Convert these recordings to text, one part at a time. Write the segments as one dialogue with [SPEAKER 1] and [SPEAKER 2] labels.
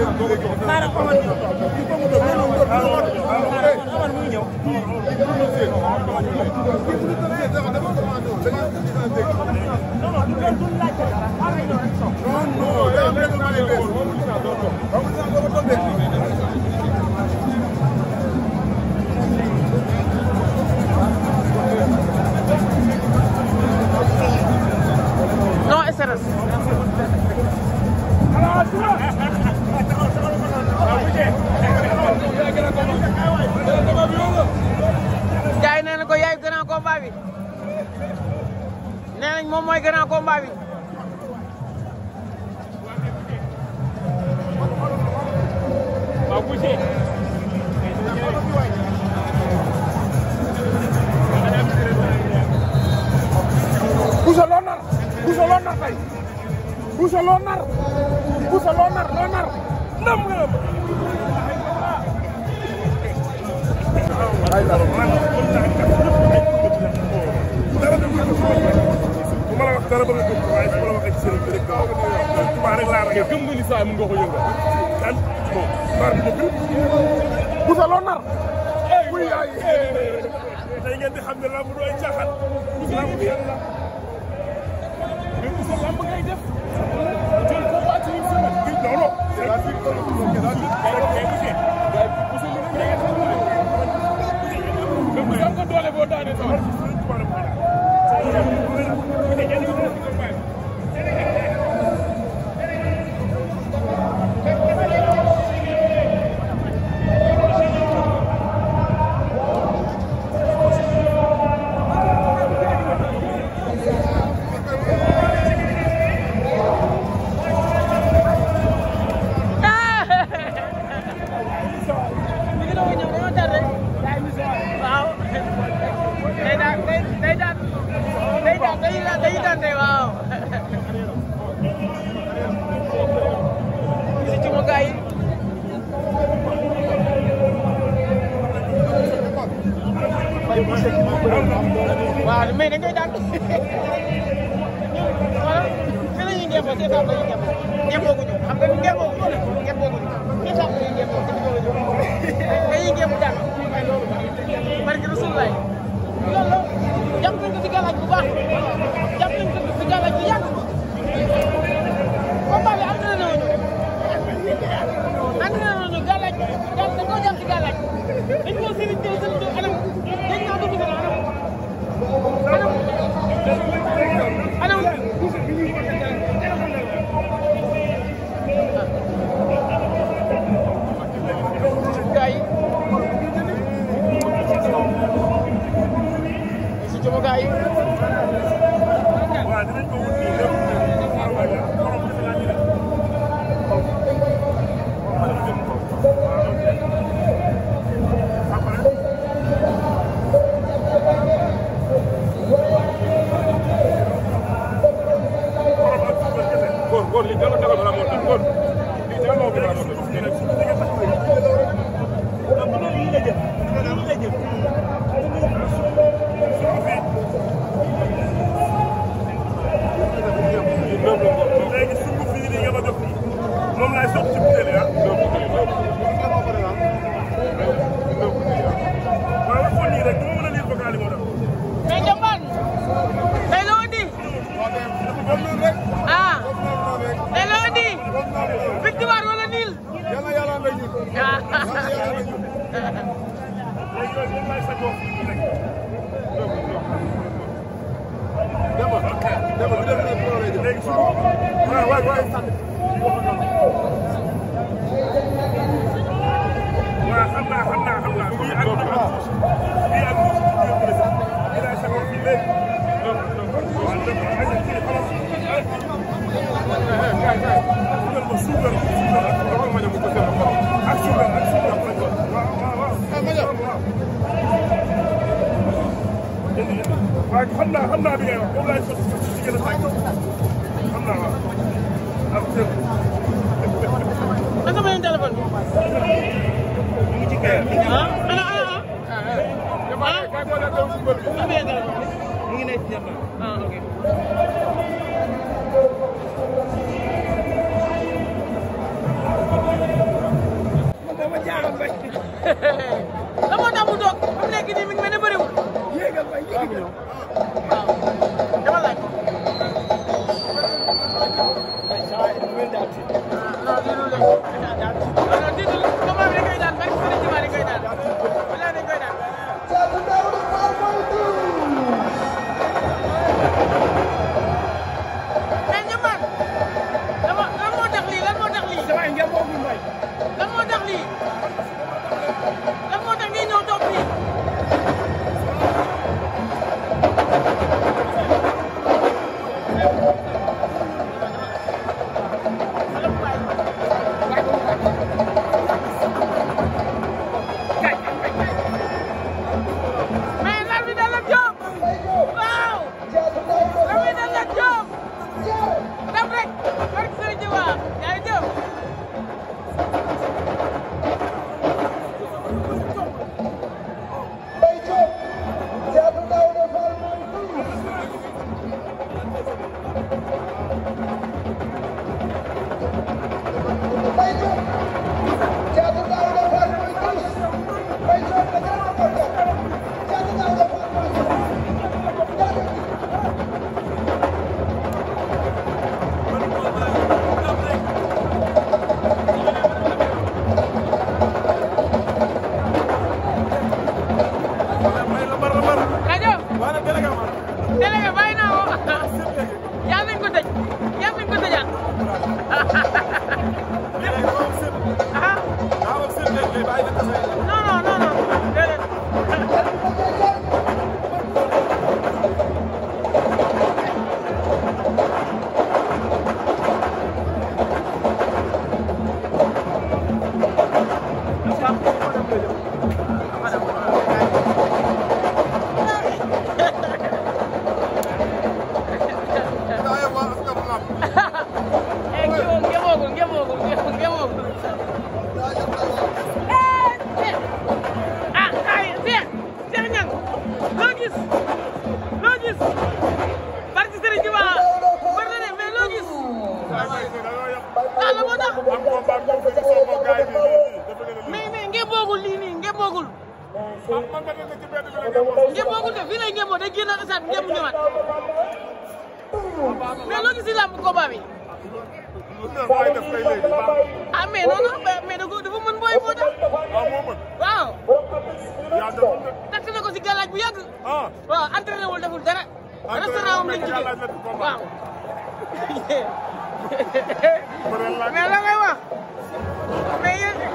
[SPEAKER 1] Baara Omar ñëw. non non dara ba nga gëm waaye su ma la waxee ci sëriñ bi rek nga wax Tuubaa rek laa ragal gëm nga ni saa mën nga ko yëngal kan bon baar bi dëgg bu sa loo nar buy ay tey ngeen di xam ne lamb du ay caaxaan lamb bi yàlla mais bu sa lamb ngay def jël combat ci une semaine non non waaw mais dañ koy daan voilà fi la ñuy ngemboo ci étape la ñuy ngemboo ngemboo ko ñu xam nga ngemboo ko ñu ngemboo ko ñu ci étape la ñuy ngemboo ci ngemboo ko ñu dañuy ngemb daan waaye loolu barke Rasulullah loolu jàpp nañ ko ci galaaj bu baax jàpp nañ ko ci galaaj bu yàgg Super. waaye xam naa xam naa bi ngay wax moom laay sotti sotti si gën a tàgg xam naa waaw. am seen. lan nga mën a téléphone. mu ngi ci kër. ah ana ana ah. ah ah. ah. mu ngi nekk ci jamono. ah ok. moo ko def fii lay ngémboo day génn stade bi ngémbu ñëwaat mais loo gis si làmb combat bi. ah mais non non mais dafa mën booy moo tax. waaw. takk na ko si galaaj bu yàgg. waaw entraîné wul deful dara. restaurant am lañ ci waaw. mais la ngay wax mais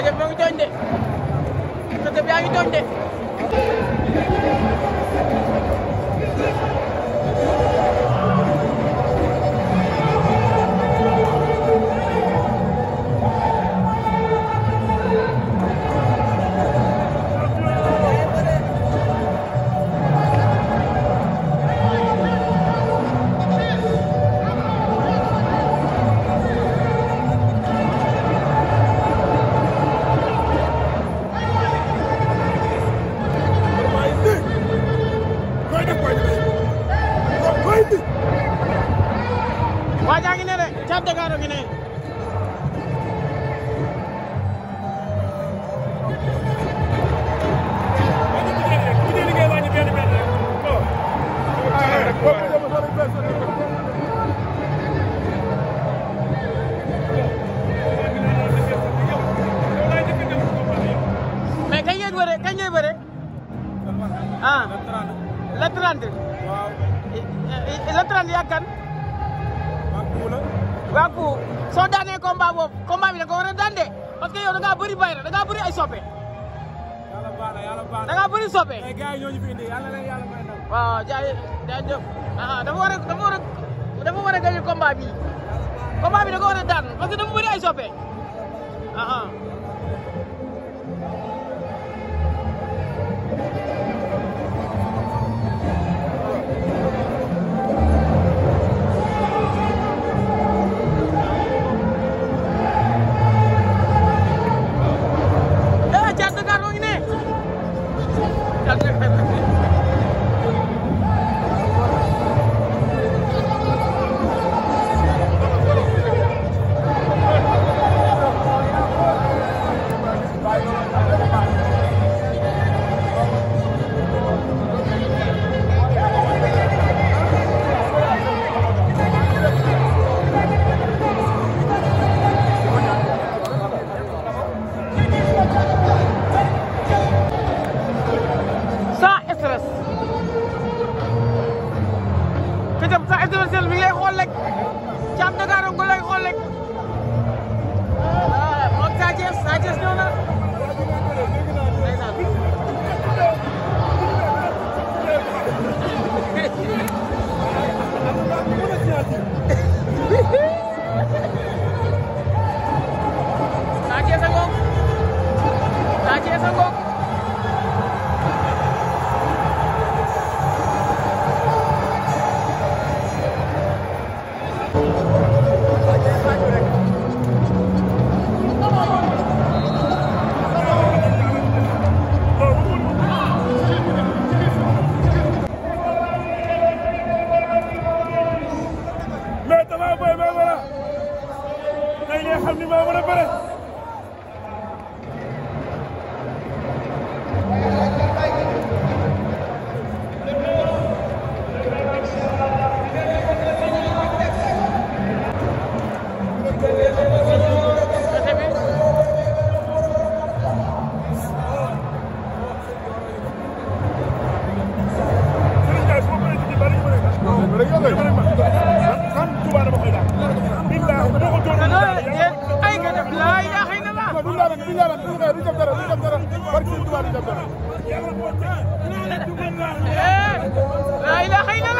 [SPEAKER 1] Régep moo ngi tooñ de Régep yaa ngi tooñ de waaw soo daanee combat boobu combat bi da nga ko war a daan de parce que yow da bayra da ngaa ay soppe. yàlla baax na yàlla baax na da ngaa bëri soppe. mais gars yi ñoo ñu fi indi yàlla bi combat bi da daan parce que dafa ay soppe ah rek Thiam Ndakaaru nga lay xool rek moom Sa Thiès Sa Thiès ñëw na ndeysaan du ñaanal du xëy du jëm dara du jëm dara barke Sëriñ Tuubaa du jëm dara.